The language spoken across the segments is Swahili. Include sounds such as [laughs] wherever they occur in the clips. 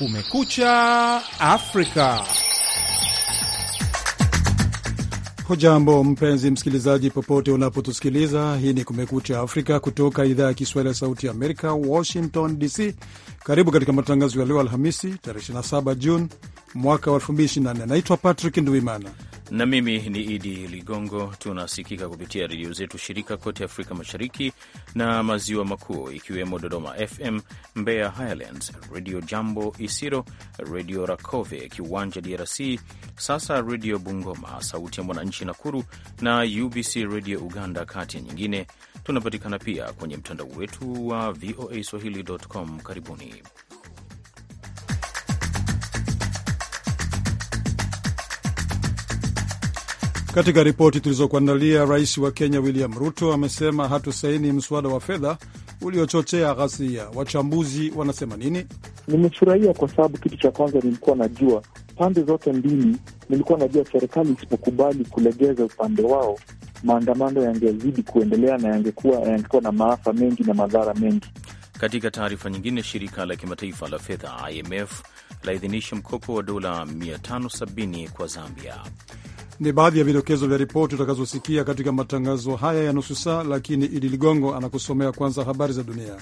Kumekucha Afrika. Hujambo mpenzi msikilizaji, popote unapotusikiliza. Hii ni Kumekucha Afrika kutoka idhaa ya Kiswahili ya Sauti ya Amerika, Washington DC. Karibu katika matangazo ya leo Alhamisi, tarehe 27 Juni mwaka wa 2024. Naitwa Patrick Nduimana na mimi ni Idi Ligongo. Tunasikika kupitia redio zetu shirika kote Afrika Mashariki na Maziwa Makuu, ikiwemo Dodoma FM, Mbeya Highlands, Redio Jambo Isiro, Redio Rakove Kiwanja DRC, sasa Redio Bungoma, Sauti ya Mwananchi Nakuru na UBC Redio Uganda, kati ya nyingine. Tunapatikana pia kwenye mtandao wetu wa VOA swahili.com. Karibuni. Katika ripoti tulizokuandalia, rais wa Kenya William Ruto amesema hatusaini mswada wa fedha uliochochea ghasia. Wachambuzi wanasema nini? Nimefurahia kwa sababu kitu cha kwanza nilikuwa najua pande zote mbili, nilikuwa najua serikali isipokubali kulegeza upande wao, maandamano yangezidi kuendelea na yangekuwa yangekuwa na maafa mengi na madhara mengi. Katika taarifa nyingine, shirika la kimataifa la fedha IMF laidhinisha mkopo wa dola 570 kwa Zambia. Ni baadhi ya vidokezo vya ripoti utakazosikia katika matangazo haya ya nusu saa, lakini Idi Ligongo anakusomea kwanza habari za dunia.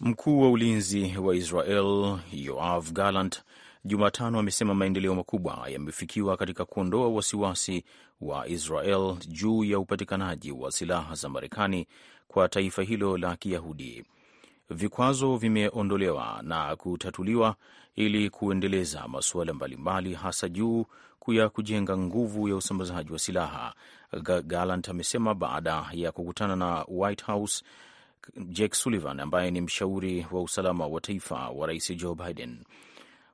Mkuu wa ulinzi wa Israel Yoav Gallant Jumatano amesema maendeleo makubwa yamefikiwa katika kuondoa wasiwasi wa Israel juu ya upatikanaji wa silaha za Marekani kwa taifa hilo la Kiyahudi. Vikwazo vimeondolewa na kutatuliwa ili kuendeleza masuala mbalimbali, hasa juu ya kujenga nguvu ya usambazaji wa silaha, Gallant amesema baada ya kukutana na White House Jake Sullivan ambaye ni mshauri wa usalama wa taifa wa rais Joe Biden.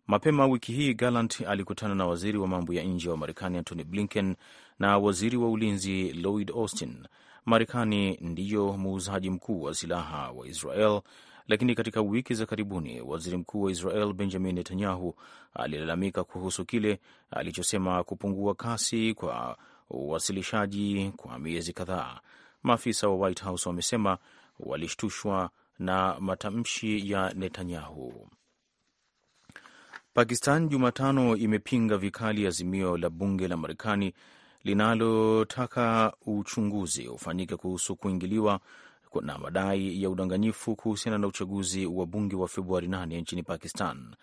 Mapema wiki hii Gallant alikutana na waziri wa mambo ya nje wa Marekani Antony Blinken na waziri wa ulinzi Lloyd Austin. Marekani ndiyo muuzaji mkuu wa silaha wa Israel, lakini katika wiki za karibuni waziri mkuu wa Israel Benjamin Netanyahu alilalamika kuhusu kile alichosema kupungua kasi kwa uwasilishaji kwa miezi kadhaa. Maafisa wa White House wamesema walishtushwa na matamshi ya Netanyahu. Pakistan Jumatano imepinga vikali azimio la bunge la Marekani linalotaka uchunguzi ufanyike kuhusu kuingiliwa na madai ya udanganyifu kuhusiana na uchaguzi wa bunge wa Februari 8 nchini Pakistan.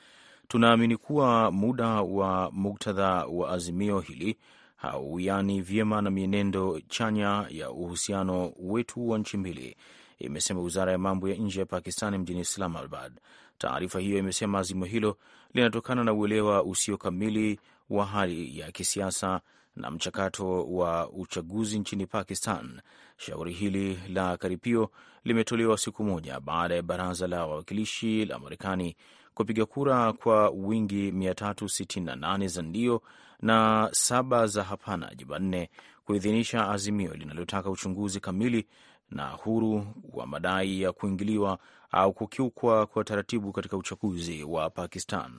Tunaamini kuwa muda wa muktadha wa azimio hili hauwiani vyema na mienendo chanya ya uhusiano wetu wa nchi mbili, imesema wizara ya mambo ya nje ya Pakistan mjini Islamabad. Taarifa hiyo imesema azimio hilo linatokana na uelewa usio kamili wa hali ya kisiasa na mchakato wa uchaguzi nchini Pakistan. Shauri hili la karipio limetolewa siku moja baada ya baraza la wawakilishi la Marekani kupiga kura kwa wingi 368 za ndio na saba za hapana Jumanne kuidhinisha azimio linalotaka uchunguzi kamili na huru wa madai ya kuingiliwa au kukiukwa kwa taratibu katika uchaguzi wa Pakistan.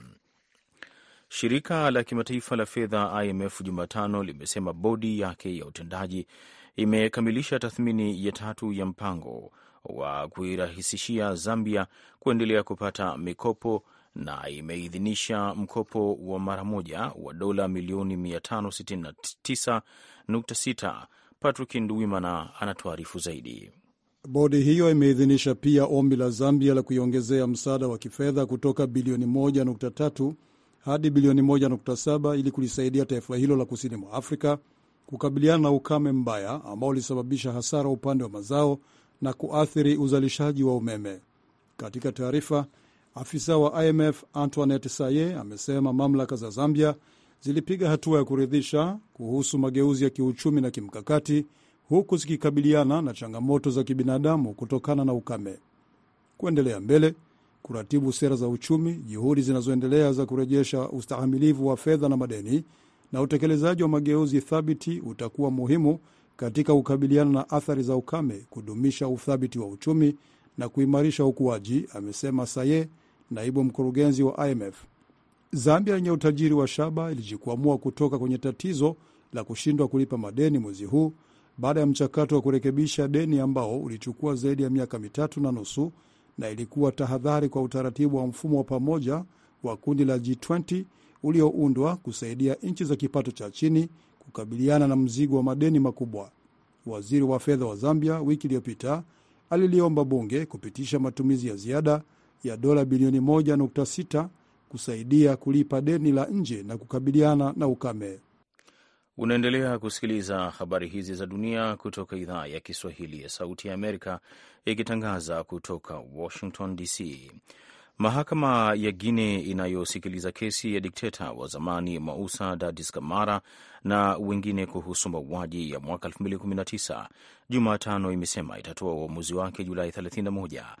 Shirika la kimataifa la fedha IMF Jumatano limesema bodi yake ya utendaji imekamilisha tathmini ya tatu ya mpango wa kuirahisishia Zambia kuendelea kupata mikopo na imeidhinisha mkopo wa mara moja wa dola milioni 569.6. Patrick Nduwimana anatuarifu zaidi. Bodi hiyo imeidhinisha pia ombi la Zambia la kuiongezea msaada wa kifedha kutoka bilioni 1.3 hadi bilioni 1.7 ili kulisaidia taifa hilo la kusini mwa Afrika kukabiliana na ukame mbaya ambao ulisababisha hasara upande wa mazao na kuathiri uzalishaji wa umeme. Katika taarifa, afisa wa IMF Antoinette Saye amesema mamlaka za Zambia zilipiga hatua ya kuridhisha kuhusu mageuzi ya kiuchumi na kimkakati huku zikikabiliana na changamoto za kibinadamu kutokana na ukame. Kuendelea mbele kuratibu sera za uchumi, juhudi zinazoendelea za kurejesha ustahamilivu wa fedha na madeni na utekelezaji wa mageuzi thabiti utakuwa muhimu katika kukabiliana na athari za ukame, kudumisha uthabiti wa uchumi na kuimarisha ukuaji, amesema Saye, naibu mkurugenzi wa IMF. Zambia yenye utajiri wa shaba ilijikwamua kutoka kwenye tatizo la kushindwa kulipa madeni mwezi huu baada ya mchakato wa kurekebisha deni ambao ulichukua zaidi ya miaka mitatu na nusu na ilikuwa tahadhari kwa utaratibu wa mfumo wa pamoja wa kundi la G20 ulioundwa kusaidia nchi za kipato cha chini kukabiliana na mzigo wa madeni makubwa. Waziri wa fedha wa Zambia wiki iliyopita aliliomba bunge kupitisha matumizi ya ziada ya dola bilioni 1.6 kusaidia kulipa deni la nje na kukabiliana na ukame. Unaendelea kusikiliza habari hizi za dunia kutoka idhaa ya Kiswahili ya Sauti ya Amerika ikitangaza kutoka Washington DC. Mahakama ya Guine inayosikiliza kesi ya dikteta wa zamani Mausa Dadis Kamara na wengine kuhusu mauaji ya mwaka 2019 Jumatano imesema itatoa uamuzi wake Julai 31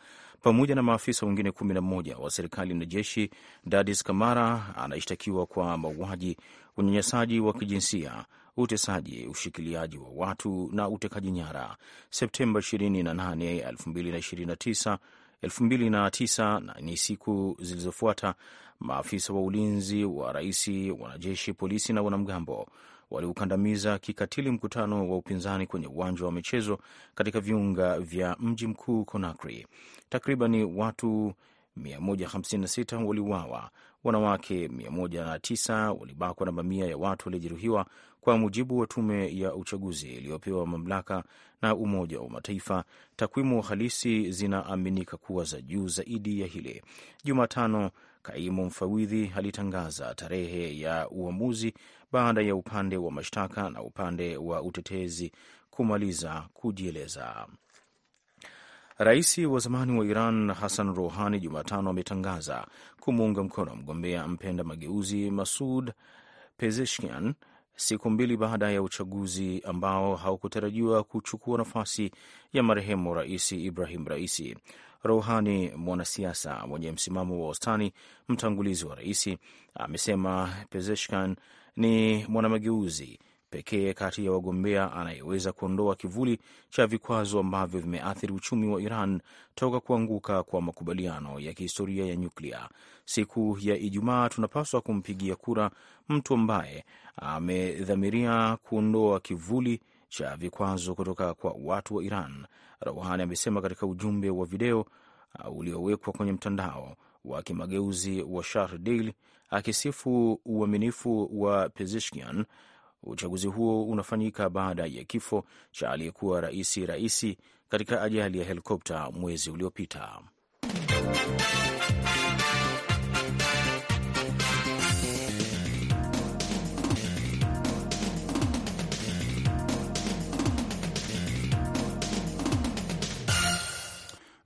pamoja na maafisa wengine 11 wa serikali na jeshi. Dadis Kamara anashtakiwa kwa mauaji, unyanyasaji wa kijinsia, utesaji, ushikiliaji wa watu na utekaji nyara Septemba 28, 2009 na ni siku zilizofuata, maafisa wa ulinzi wa rais, wanajeshi, polisi na wanamgambo waliukandamiza kikatili mkutano wa upinzani kwenye uwanja wa michezo katika viunga vya mji mkuu Conakry. Takribani watu 156 waliuawa, wanawake 109 walibakwa na mamia ya watu waliojeruhiwa, kwa mujibu wa tume ya uchaguzi iliyopewa mamlaka na Umoja wa Mataifa. Takwimu halisi zinaaminika kuwa za juu zaidi ya hili Jumatano Kaimu mfawidhi alitangaza tarehe ya uamuzi baada ya upande wa mashtaka na upande wa utetezi kumaliza kujieleza. Rais wa zamani wa Iran Hassan Rouhani Jumatano ametangaza kumuunga mkono mgombea mpenda mageuzi Masud Pezeshkian siku mbili baada ya uchaguzi ambao haukutarajiwa kuchukua nafasi ya marehemu Rais Ibrahim Raisi. Rouhani, mwanasiasa mwenye msimamo wa wastani, mtangulizi wa raisi amesema Pezeshkan ni mwanamageuzi pekee kati ya wagombea anayeweza kuondoa kivuli cha vikwazo ambavyo vimeathiri uchumi wa Iran toka kuanguka kwa makubaliano ya kihistoria ya nyuklia. Siku ya Ijumaa tunapaswa kumpigia kura mtu ambaye amedhamiria kuondoa kivuli cha vikwazo kutoka kwa watu wa Iran, Rouhani amesema katika ujumbe wa video uh, uliowekwa kwenye mtandao wa kimageuzi wa Shahrdil, akisifu uaminifu wa Pezeshkian. Uchaguzi huo unafanyika baada ya kifo cha aliyekuwa raisi raisi katika ajali ya helikopta mwezi uliopita.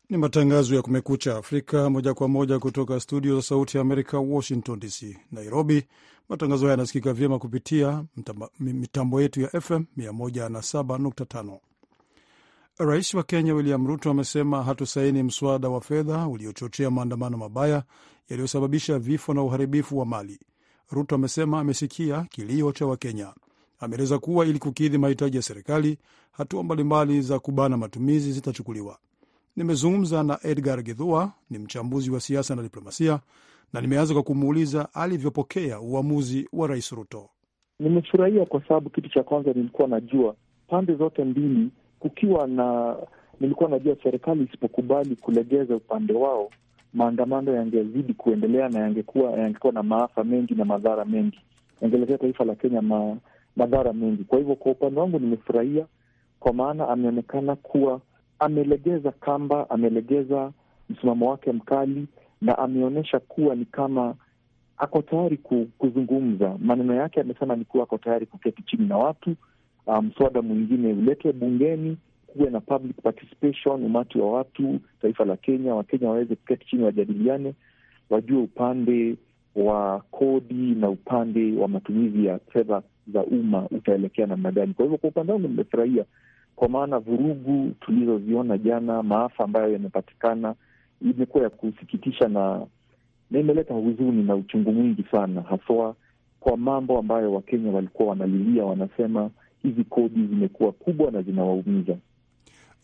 Ni matangazo ya Kumekucha Afrika moja kwa moja kutoka studio za Sauti ya Amerika, Washington DC. Nairobi, matangazo haya yanasikika vyema kupitia mitambo yetu ya FM 175 Rais wa Kenya William Ruto amesema hatusaini mswada wa fedha uliochochea maandamano mabaya yaliyosababisha vifo na uharibifu wa mali. Ruto amesema amesikia kilio cha Wakenya. Ameeleza kuwa ili kukidhi mahitaji ya serikali, hatua mbalimbali za kubana matumizi zitachukuliwa. Nimezungumza na Edgar gidhua ni mchambuzi wa siasa na diplomasia, na nimeanza kwa kumuuliza alivyopokea uamuzi wa Rais Ruto. Nimefurahia kwa sababu kitu cha kwanza nilikuwa najua pande zote mbili, kukiwa na nilikuwa najua serikali isipokubali kulegeza upande wao, maandamano yangezidi kuendelea na yangekuwa yangekuwa na maafa mengi na madhara mengi, yangeletea taifa la Kenya ma, madhara mengi. Kwa hivyo kwa upande wangu nimefurahia, kwa maana ameonekana kuwa amelegeza kamba, amelegeza msimamo wake mkali, na ameonyesha kuwa ni kama ako tayari kuzungumza. Maneno yake amesema ni kuwa ako tayari kuketi chini na watu, um, mswada um, mwingine uletwe bungeni, kuwe na public participation, umati wa watu, taifa la Kenya, Wakenya waweze kuketi chini, wajadiliane, wajue upande wa kodi na upande wa matumizi ya fedha za umma utaelekea namna gani. Kwa hivyo, kwa upande wangu nimefurahia kwa maana vurugu tulizoziona jana, maafa ambayo yamepatikana, imekuwa ya kusikitisha na na imeleta huzuni na uchungu mwingi sana, haswa kwa mambo ambayo Wakenya walikuwa wanalilia, wanasema hizi kodi zimekuwa kubwa na zinawaumiza.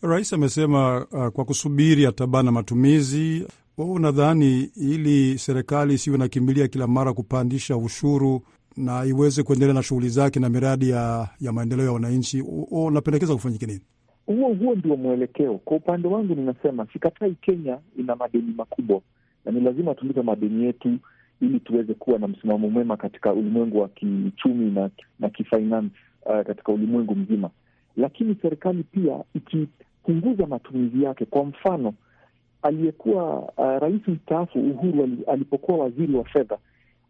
Rais amesema uh, kwa kusubiri atabana matumizi. Wewe unadhani ili serikali isiwe nakimbilia kila mara kupandisha ushuru na iweze kuendelea na shughuli zake na miradi ya, ya maendeleo ya wananchi. Unapendekeza kufanyike nini? Huo huo ndio mwelekeo. Kwa upande wangu, ninasema sikatai, Kenya ina madeni makubwa na ni lazima tulipe madeni yetu ili tuweze kuwa na msimamo mwema katika ulimwengu wa kiuchumi na, na kifinance uh, katika ulimwengu mzima. Lakini serikali pia ikipunguza matumizi yake, kwa mfano aliyekuwa uh, rais mstaafu Uhuru alipokuwa waziri wa fedha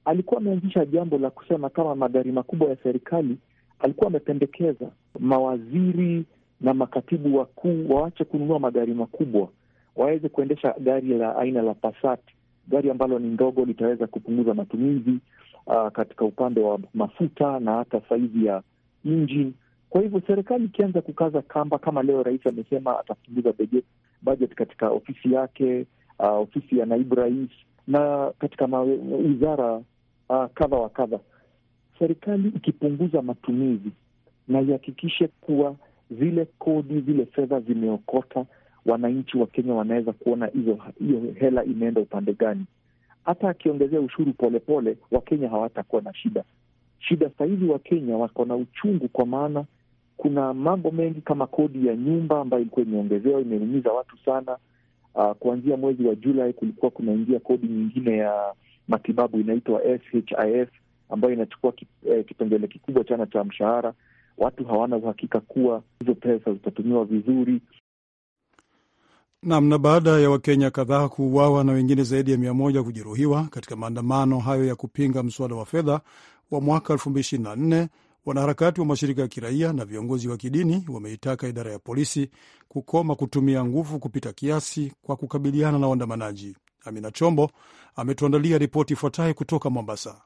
alikuwa ameanzisha jambo la kusema kama magari makubwa ya serikali, alikuwa amependekeza mawaziri na makatibu wakuu waache kununua magari makubwa, waweze kuendesha gari la aina la Passat, gari ambalo ni ndogo, litaweza kupunguza matumizi uh, katika upande wa mafuta na hata saizi ya injini. Kwa hivyo serikali ikianza kukaza kamba, kama leo rais amesema atapunguza bajeti katika ofisi yake, uh, ofisi ya naibu rais na katika wizara uh, kadha wa kadha. Serikali ikipunguza matumizi na ihakikishe kuwa zile kodi, zile fedha zimeokota, wananchi wa Kenya wanaweza kuona hizo hiyo hela imeenda upande gani. Hata akiongezea ushuru polepole, Wakenya hawatakuwa na shida. Shida sahizi Wakenya wako na uchungu, kwa maana kuna mambo mengi kama kodi ya nyumba ambayo ilikuwa imeongezewa, imeumiza watu sana. Uh, kuanzia mwezi wa Julai kulikuwa kunaingia kodi nyingine ya matibabu inaitwa SHIF ambayo inachukua eh, kipengele kikubwa chana cha mshahara. Watu hawana uhakika kuwa hizo pesa zitatumiwa vizuri. namna Na baada ya Wakenya kadhaa kuuawa na wengine zaidi ya mia moja kujeruhiwa katika maandamano hayo ya kupinga mswada wa fedha wa mwaka nne, wanaharakati wa mashirika ya kiraia na viongozi wa kidini wameitaka idara ya polisi kukoma kutumia nguvu kupita kiasi kwa kukabiliana na waandamanaji. Amina Chombo ametuandalia ripoti ifuatayo kutoka Mombasa.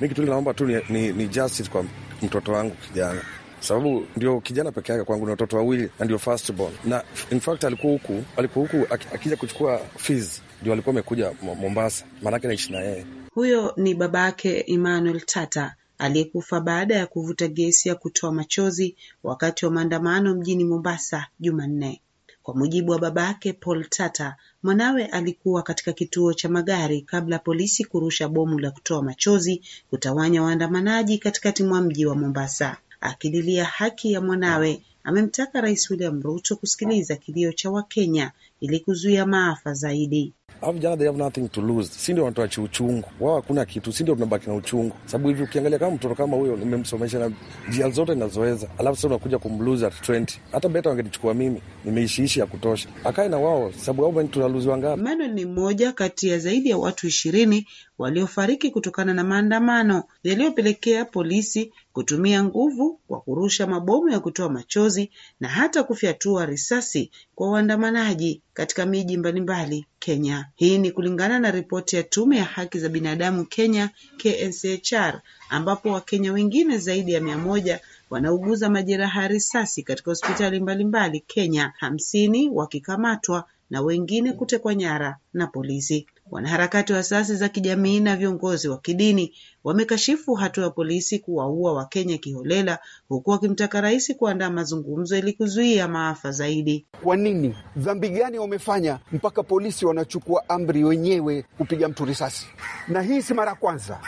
Mi kitu naomba tu ni, ni, ni justice kwa mtoto wangu kijana sababu ndio kijana peke yake kwangu, ni watoto wawili na ndio firstborn, na in fact alikuwa huku alikuwa huku akija kuchukua fees, ndio alikuwa amekuja Mombasa, maanake naishi na yeye. Huyo ni babake Emmanuel Tata aliyekufa baada ya kuvuta gesi ya kutoa machozi wakati wa maandamano mjini Mombasa Jumanne. Kwa mujibu wa babake Paul Tata, mwanawe alikuwa katika kituo cha magari kabla polisi kurusha bomu la kutoa machozi kutawanya waandamanaji katikati mwa mji wa Mombasa. Akililia haki ya mwanawe, amemtaka Rais William Ruto kusikiliza kilio cha Wakenya ili kuzuia maafa zaidi. Hawa vijana they have nothing to lose, si ndio wanatoa uchungu wao, hakuna kitu, si ndio tunabaki na uchungu, sababu hivi ukiangalia kama mtoto kama huyo nimemsomesha na njia zote nazoweza, alafu sasa unakuja kumlose at 20. Hata beta wangenichukua mimi, nimeishiishi ya kutosha, akae na wao, sababu ao tunaluziwa ngapi? Manuel ni mmoja kati ya zaidi ya watu ishirini waliofariki kutokana na maandamano yaliyopelekea polisi kutumia nguvu kwa kurusha mabomu ya kutoa machozi na hata kufyatua risasi kwa waandamanaji katika miji mbalimbali Kenya. Hii ni kulingana na ripoti ya Tume ya Haki za Binadamu Kenya KNCHR, ambapo Wakenya wengine zaidi ya mia moja wanauguza majeraha ya risasi katika hospitali mbalimbali Kenya, hamsini wakikamatwa na wengine kutekwa nyara na polisi. Wanaharakati wa asasi za kijamii na viongozi wa kidini wamekashifu hatua ya polisi kuwaua Wakenya kiholela, huku wakimtaka rais kuandaa mazungumzo ili kuzuia maafa zaidi. Kwa nini? Dhambi gani wamefanya mpaka polisi wanachukua amri wenyewe kupiga mtu risasi? Na hii si mara kwanza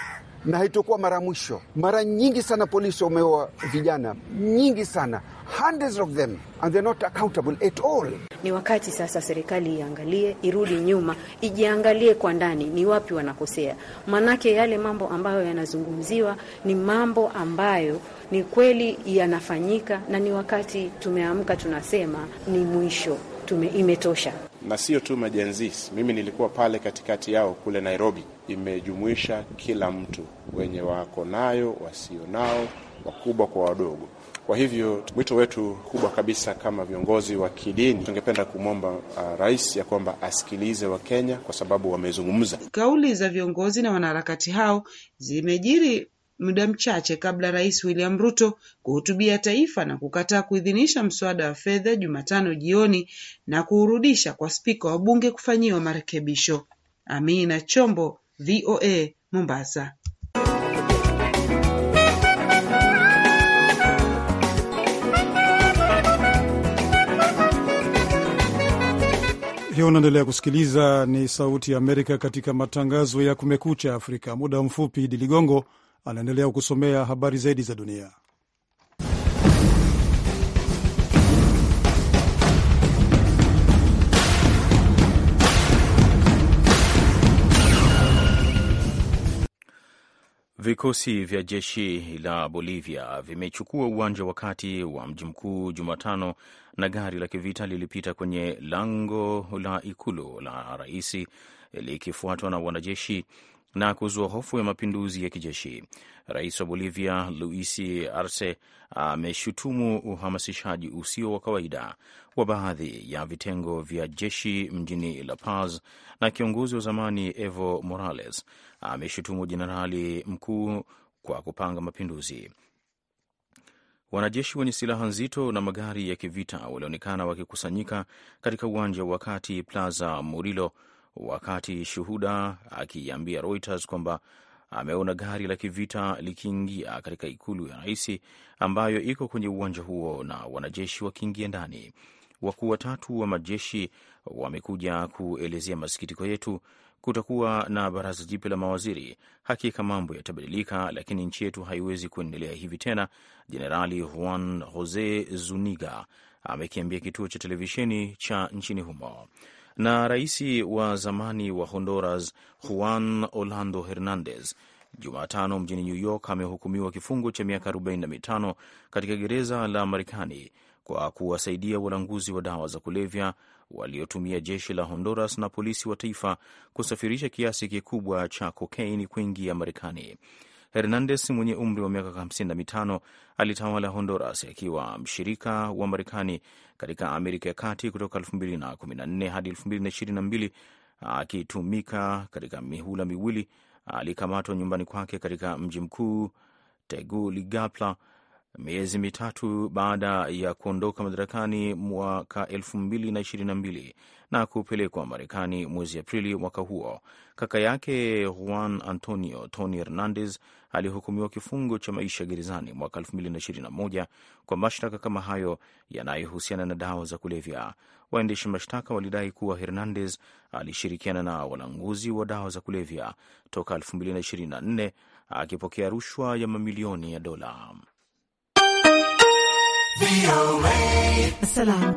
na haitokuwa mara mwisho. Mara nyingi sana polisi wameoa vijana nyingi sana, hundreds of them and they're not accountable at all. Ni wakati sasa serikali iangalie, irudi nyuma, ijiangalie kwa ndani, ni wapi wanakosea, manake yale mambo ambayo yanazungumziwa ni mambo ambayo ni kweli yanafanyika, na ni wakati tumeamka, tunasema ni mwisho tume, imetosha na sio tu majanzis. Mimi nilikuwa pale katikati yao kule Nairobi, imejumuisha kila mtu, wenye wako nayo, wasio nao, wakubwa kwa wadogo. Kwa hivyo mwito wetu kubwa kabisa kama viongozi wa kidini, tungependa kumwomba uh, rais ya kwamba asikilize Wakenya kwa sababu wamezungumza. Kauli za viongozi na wanaharakati hao zimejiri muda mchache kabla Rais William Ruto kuhutubia taifa na kukataa kuidhinisha mswada wa fedha Jumatano jioni na kuurudisha kwa spika wa bunge kufanyiwa marekebisho. Amina Chombo, VOA, Mombasa. Hiyo unaendelea kusikiliza ni Sauti ya Amerika katika matangazo ya Kumekucha Afrika. Muda mfupi Idi Ligongo anaendelea kusomea habari zaidi za dunia. Vikosi vya jeshi la Bolivia vimechukua uwanja wa kati wa mji mkuu Jumatano na gari la kivita lilipita kwenye lango la ikulu la rais likifuatwa na wanajeshi na kuzua hofu ya mapinduzi ya kijeshi. Rais wa Bolivia Luis Arce ameshutumu uhamasishaji usio wa kawaida wa baadhi ya vitengo vya jeshi mjini La Paz, na kiongozi wa zamani Evo Morales ameshutumu jenerali mkuu kwa kupanga mapinduzi. Wanajeshi wenye silaha nzito na magari ya kivita walionekana wakikusanyika katika uwanja wa kati Plaza Murillo wakati shuhuda akiambia Reuters kwamba ameona gari la kivita likiingia katika ikulu ya rais ambayo iko kwenye uwanja huo na wanajeshi wakiingia ndani. Wakuu watatu wa majeshi wamekuja kuelezea masikitiko yetu. Kutakuwa na baraza jipya la mawaziri. Hakika mambo yatabadilika, lakini nchi yetu haiwezi kuendelea hivi tena, Jenerali Juan Jose Zuniga amekiambia kituo cha televisheni cha nchini humo na rais wa zamani wa Honduras Juan Orlando Hernandez Jumatano mjini New York amehukumiwa kifungo cha miaka 45 katika gereza la Marekani kwa kuwasaidia walanguzi wa dawa za kulevya waliotumia jeshi la Honduras na polisi wa taifa kusafirisha kiasi kikubwa cha kokaini kuingia Marekani. Hernandez mwenye umri wa miaka 55 alitawala Honduras akiwa mshirika wa Marekani katika Amerika ya Kati kutoka 2014 hadi 2022 akitumika katika mihula miwili. Alikamatwa nyumbani kwake katika mji mkuu Tegucigalpa miezi mitatu baada ya kuondoka madarakani mwaka 2022 na kupelekwa Marekani mwezi Aprili mwaka huo. Kaka yake Juan Antonio Tony Hernandez alihukumiwa kifungo cha maisha gerezani mwaka 2021 kwa mashtaka kama hayo yanayohusiana na dawa za kulevya. Waendesha mashtaka walidai kuwa Hernandez alishirikiana na walanguzi wa dawa za kulevya toka 2024 akipokea rushwa ya mamilioni ya dola. Salam.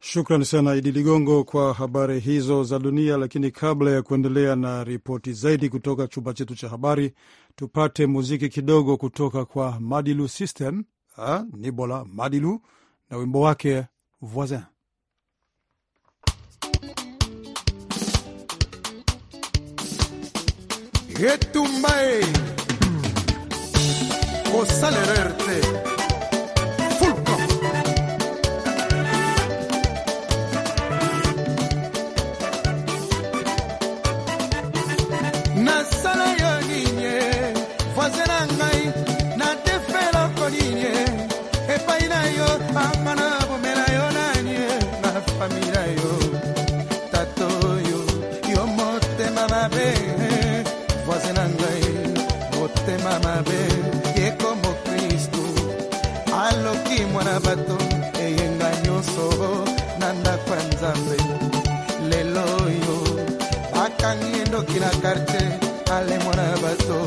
Shukrani sana Idi Ligongo kwa habari hizo za dunia. Lakini kabla ya kuendelea na ripoti zaidi kutoka chumba chetu cha habari, tupate muziki kidogo kutoka kwa Madilu System ha, Nibola Madilu na wimbo wake Voisin. Retumbae kosala erreur te fulko nasala yo ninye voisin na ngai natefeloko ninye epai na yo amba na bomela yo nanie na fami na yo tato yo yo motema mabe voisin na ngai motema mabe nyonso na ndako ya nzambe lelo oyo akangi endoki na kartier alemwa na bato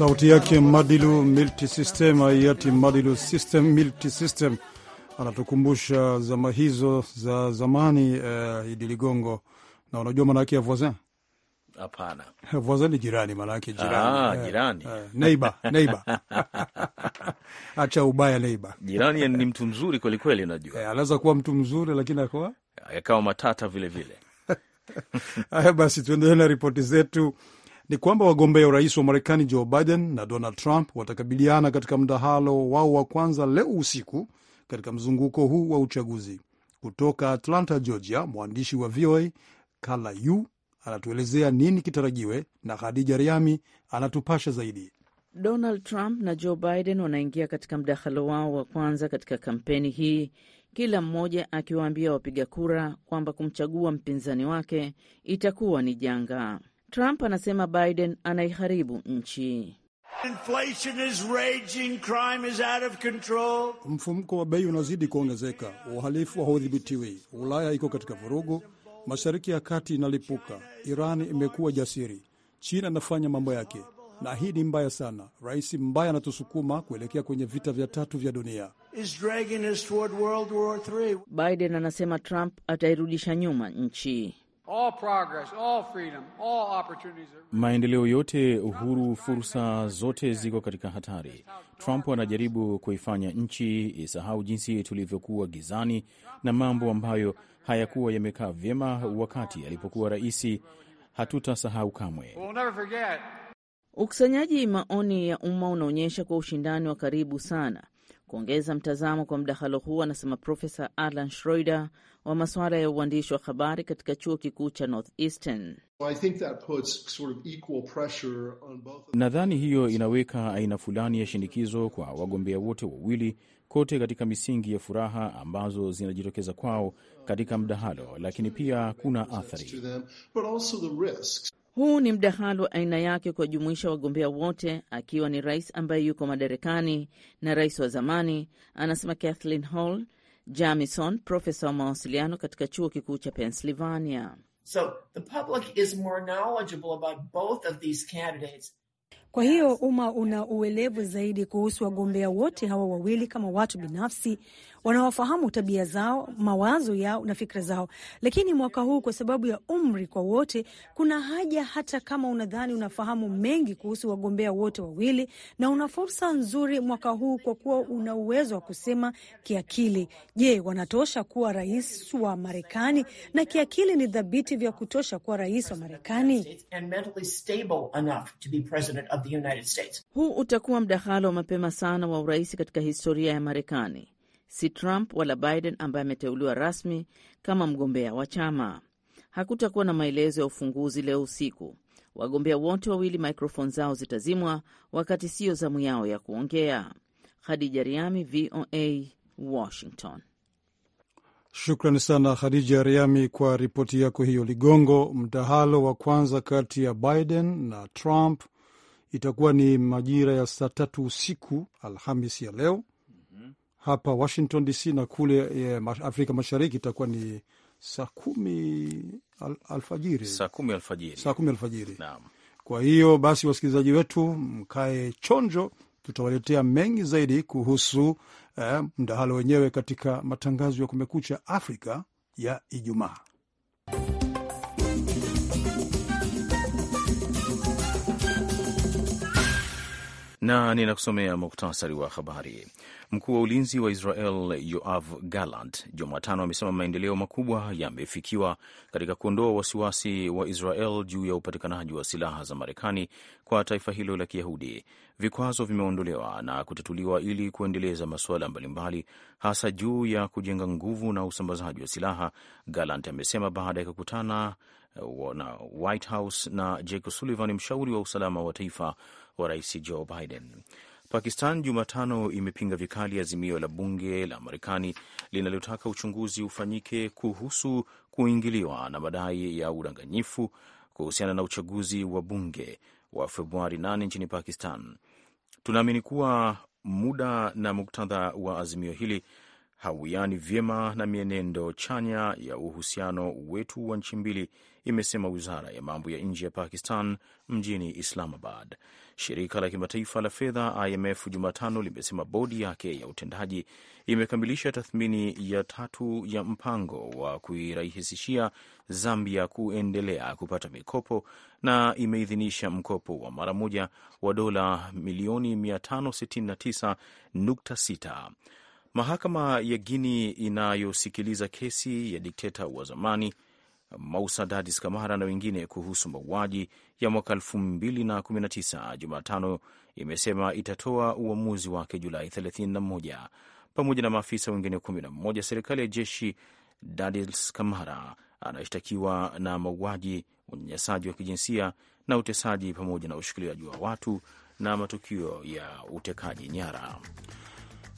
Sauti yake Madilu Multisystem, hayati Madilu System Multisystem anatukumbusha zama hizo za zamani. Uh, Idi Ligongo, na unajua maanake ya voisin? Hapana, [laughs] voisin ni jirani, maanake jirani, ah, eh, neiba, eh, neiba. [laughs] Acha ubaya, neiba, jirani ni mtu mzuri kwelikweli, unajua anaweza kuwa mtu mzuri lakini akawa akawa matata vilevile. [laughs] Haya, basi tuendelee na ripoti zetu ni kwamba wagombea urais wa Marekani Joe Biden na Donald Trump watakabiliana katika mdahalo wao wa kwanza leo usiku katika mzunguko huu wa uchaguzi. Kutoka Atlanta, Georgia, mwandishi wa VOA Kala Yu anatuelezea nini kitarajiwe, na Khadija Riami anatupasha zaidi. Donald Trump na Joe Biden wanaingia katika mdahalo wao wa kwanza katika kampeni hii, kila mmoja akiwaambia wapiga kura kwamba kumchagua mpinzani wake itakuwa ni janga. Trump anasema Biden anaiharibu nchi. mfumko wa bei unazidi kuongezeka, uhalifu haudhibitiwi, Ulaya iko katika vurugu, mashariki ya kati inalipuka, Iran imekuwa jasiri, China inafanya mambo yake, na hii ni mbaya sana. Rais mbaya anatusukuma kuelekea kwenye vita vya tatu vya dunia. Biden anasema Trump atairudisha nyuma nchi. All progress, all freedom, all opportunities are... maendeleo yote, uhuru, fursa zote ziko katika hatari. Trump anajaribu kuifanya nchi isahau jinsi tulivyokuwa gizani na mambo ambayo hayakuwa yamekaa vyema wakati alipokuwa rais. Hatutasahau kamwe. Ukusanyaji maoni ya umma unaonyesha kwa ushindani wa karibu sana kuongeza mtazamo kwa mdahalo huu, anasema Profesa Alan Schroider wa masuala ya uandishi wa habari katika chuo kikuu cha Northeastern. nadhani hiyo inaweka aina fulani ya shinikizo kwa wagombea wote wawili kote katika misingi ya furaha ambazo zinajitokeza kwao katika mdahalo, lakini pia kuna athari. Huu ni mdahalo wa aina yake kuwajumuisha wagombea wote, akiwa ni rais ambaye yuko madarakani na rais wa zamani, anasema Kathleen Hall Jamison, profesa wa mawasiliano katika chuo kikuu cha Pennsylvania. So the public is more knowledgeable about both of these candidates. Kwa hiyo umma una uelevu zaidi kuhusu wagombea wote hawa wawili kama watu binafsi wanaofahamu tabia zao, mawazo yao na fikra zao. Lakini mwaka huu kwa sababu ya umri kwa wote, kuna haja hata kama unadhani unafahamu mengi kuhusu wagombea wote wawili, na una fursa nzuri mwaka huu kwa kuwa una uwezo wa kusema kiakili, je, wanatosha kuwa rais wa Marekani? Na kiakili ni dhabiti vya kutosha kuwa rais wa Marekani? of the United States. Huu utakuwa mdahalo wa mapema sana wa urais katika historia ya Marekani. Si Trump wala Biden ambaye ameteuliwa rasmi kama mgombea wa chama. Hakutakuwa na maelezo ya ufunguzi leo usiku. Wagombea wote wawili mikrofoni zao zitazimwa, wakati siyo zamu yao ya kuongea. Khadija Riami, VOA, Washington. Shukrani sana Khadija Riami kwa ripoti yako hiyo. Ligongo, mdahalo wa kwanza kati ya Biden na Trump itakuwa ni majira ya saa tatu usiku Alhamis ya leo mhm. hapa Washington DC, na kule e, Afrika Mashariki itakuwa ni saa kumi al alfajiri, saa kumi alfajiri, saa kumi alfajiri. Naam. Kwa hiyo basi, wasikilizaji wetu mkae chonjo, tutawaletea mengi zaidi kuhusu eh, mdahalo wenyewe katika matangazo ya Kumekucha Afrika ya Ijumaa. na ninakusomea muktasari wa habari. Mkuu wa ulinzi wa Israel Yoav Gallant Jumatano amesema maendeleo makubwa yamefikiwa katika kuondoa wasiwasi wa Israel juu ya upatikanaji wa silaha za Marekani kwa taifa hilo la Kiyahudi. Vikwazo vimeondolewa na kutatuliwa ili kuendeleza masuala mbalimbali, hasa juu ya kujenga nguvu na usambazaji wa silaha, Gallant amesema baada ya kukutana eh, na White House na Jake Sullivan, mshauri wa usalama wa taifa wa rais Joe Biden. Pakistan Jumatano imepinga vikali azimio la bunge la Marekani linalotaka uchunguzi ufanyike kuhusu kuingiliwa na madai ya udanganyifu kuhusiana na uchaguzi wa bunge wa Februari 8 nchini Pakistan. Tunaamini kuwa muda na muktadha wa azimio hili hauwiani vyema na mienendo chanya ya uhusiano wetu wa nchi mbili, imesema wizara ya mambo ya nje ya Pakistan mjini Islamabad. Shirika la kimataifa la fedha IMF Jumatano limesema bodi yake ya utendaji imekamilisha tathmini ya tatu ya mpango wa kuirahisishia Zambia kuendelea kupata mikopo na imeidhinisha mkopo wa mara moja wa dola milioni 569.6 Mahakama ya Guini inayosikiliza kesi ya dikteta wa zamani Mausa Dadis Kamara na wengine kuhusu mauaji ya mwaka 2019 Jumatano imesema itatoa uamuzi wake Julai 31 pamoja na maafisa wengine 11. Serikali ya jeshi Dadis Kamara anashtakiwa na mauaji, unyanyasaji wa kijinsia na utesaji pamoja na ushikiliaji wa watu na matukio ya utekaji nyara.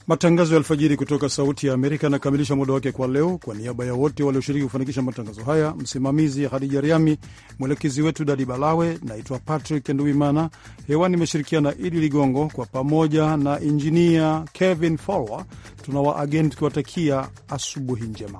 Matangazo ya alfajiri kutoka Sauti ya Amerika yanakamilisha muda wake kwa leo. Kwa niaba ya wote walioshiriki kufanikisha matangazo haya, msimamizi Hadija Riami, mwelekezi wetu Dadi Balawe. Naitwa Patrick Nduimana, hewani imeshirikiana Idi Ligongo, kwa pamoja na injinia Kevin Folwer. Tunawaageni tukiwatakia asubuhi njema.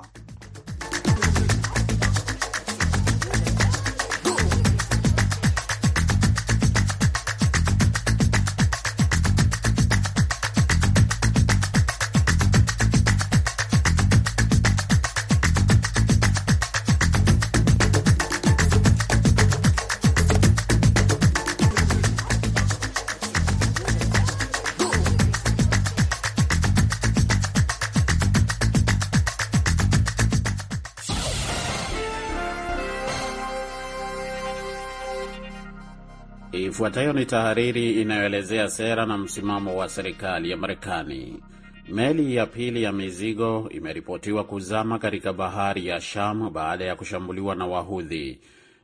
Ifuatayo ni tahariri inayoelezea sera na msimamo wa serikali ya Marekani. Meli ya pili ya mizigo imeripotiwa kuzama katika bahari ya Sham baada ya kushambuliwa na Wahudhi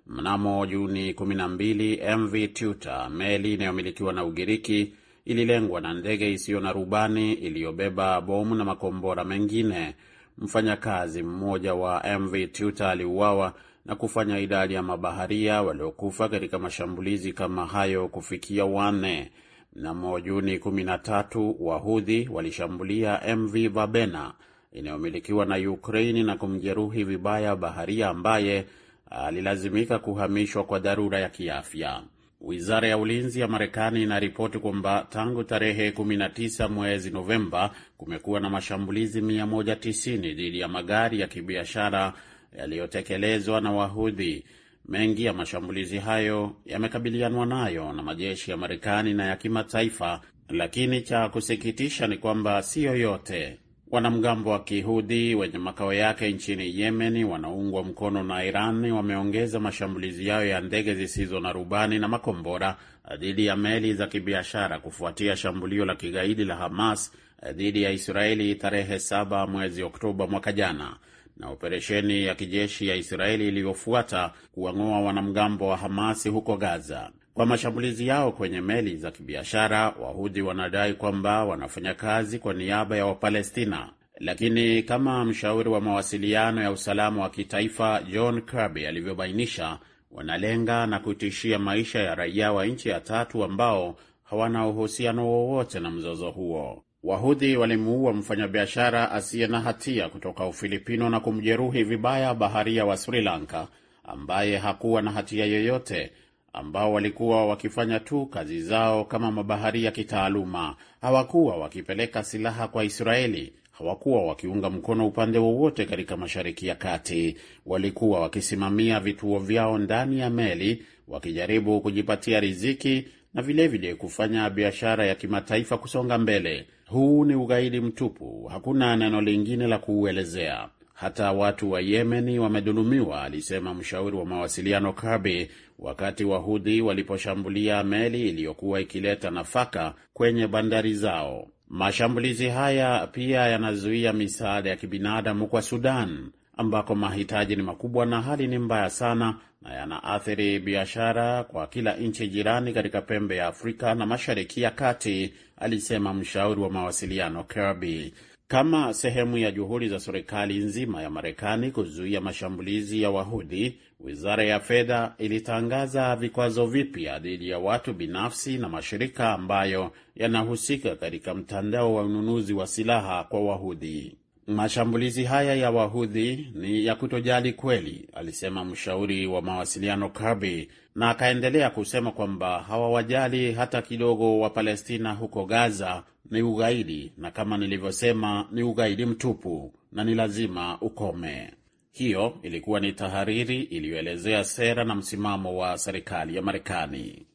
mnamo Juni 12. MV Tuta, meli inayomilikiwa na Ugiriki, ililengwa na ndege isiyo na rubani iliyobeba bomu na makombora mengine. Mfanyakazi mmoja wa MV Tuta aliuawa na kufanya idadi ya mabaharia waliokufa katika mashambulizi kama hayo kufikia wanne. Mnamo Juni 13 Wahudhi walishambulia MV Vabena inayomilikiwa na Ukraini na kumjeruhi vibaya baharia ambaye alilazimika kuhamishwa kwa dharura ya kiafya. Wizara ya ulinzi ya Marekani inaripoti kwamba tangu tarehe 19 mwezi Novemba kumekuwa na mashambulizi 190 dhidi ya magari ya kibiashara yaliyotekelezwa na Wahudhi. Mengi ya mashambulizi hayo yamekabilianwa nayo na majeshi ya Marekani na ya kimataifa, lakini cha kusikitisha ni kwamba si yoyote. Wanamgambo wa kihudhi wenye makao yake nchini Yemen wanaungwa mkono na Iran wameongeza mashambulizi yao ya ndege zisizo na rubani na makombora dhidi ya meli za kibiashara kufuatia shambulio la kigaidi la Hamas dhidi ya Israeli tarehe 7 mwezi Oktoba mwaka jana na operesheni ya kijeshi ya Israeli iliyofuata kuwang'oa wanamgambo wa Hamasi huko Gaza. Kwa mashambulizi yao kwenye meli za kibiashara, wahudi wanadai kwamba wanafanya kazi kwa niaba ya Wapalestina. Lakini kama mshauri wa mawasiliano ya usalama wa kitaifa John Kirby alivyobainisha, wanalenga na kutishia maisha ya raia wa nchi ya tatu ambao hawana uhusiano wowote na mzozo huo. Wahudhi walimuua mfanyabiashara asiye na hatia kutoka Ufilipino na kumjeruhi vibaya baharia wa Sri Lanka ambaye hakuwa na hatia yoyote, ambao walikuwa wakifanya tu kazi zao kama mabaharia kitaaluma. Hawakuwa wakipeleka silaha kwa Israeli, hawakuwa wakiunga mkono upande wowote katika Mashariki ya Kati. Walikuwa wakisimamia vituo vyao ndani ya meli, wakijaribu kujipatia riziki na vilevile vile kufanya biashara ya kimataifa kusonga mbele. Huu ni ugaidi mtupu, hakuna neno lingine la kuuelezea. Hata watu wa Yemeni wamedhulumiwa, alisema mshauri wa mawasiliano Kabi wakati Wahudhi waliposhambulia meli iliyokuwa ikileta nafaka kwenye bandari zao. Mashambulizi haya pia yanazuia misaada ya kibinadamu kwa Sudan ambako mahitaji ni makubwa na hali ni mbaya sana, na yanaathiri biashara kwa kila nchi jirani katika pembe ya Afrika na Mashariki ya Kati, alisema mshauri wa mawasiliano Kirby. Kama sehemu ya juhudi za serikali nzima ya Marekani kuzuia mashambulizi ya Wahudhi, wizara ya fedha ilitangaza vikwazo vipya dhidi ya watu binafsi na mashirika ambayo yanahusika katika mtandao wa ununuzi wa silaha kwa Wahudhi. Mashambulizi haya ya wahudhi ni ya kutojali kweli, alisema mshauri wa mawasiliano Kirby, na akaendelea kusema kwamba hawawajali hata kidogo wa palestina huko Gaza. Ni ugaidi, na kama nilivyosema, ni ugaidi mtupu na ni lazima ukome. Hiyo ilikuwa ni tahariri iliyoelezea sera na msimamo wa serikali ya Marekani.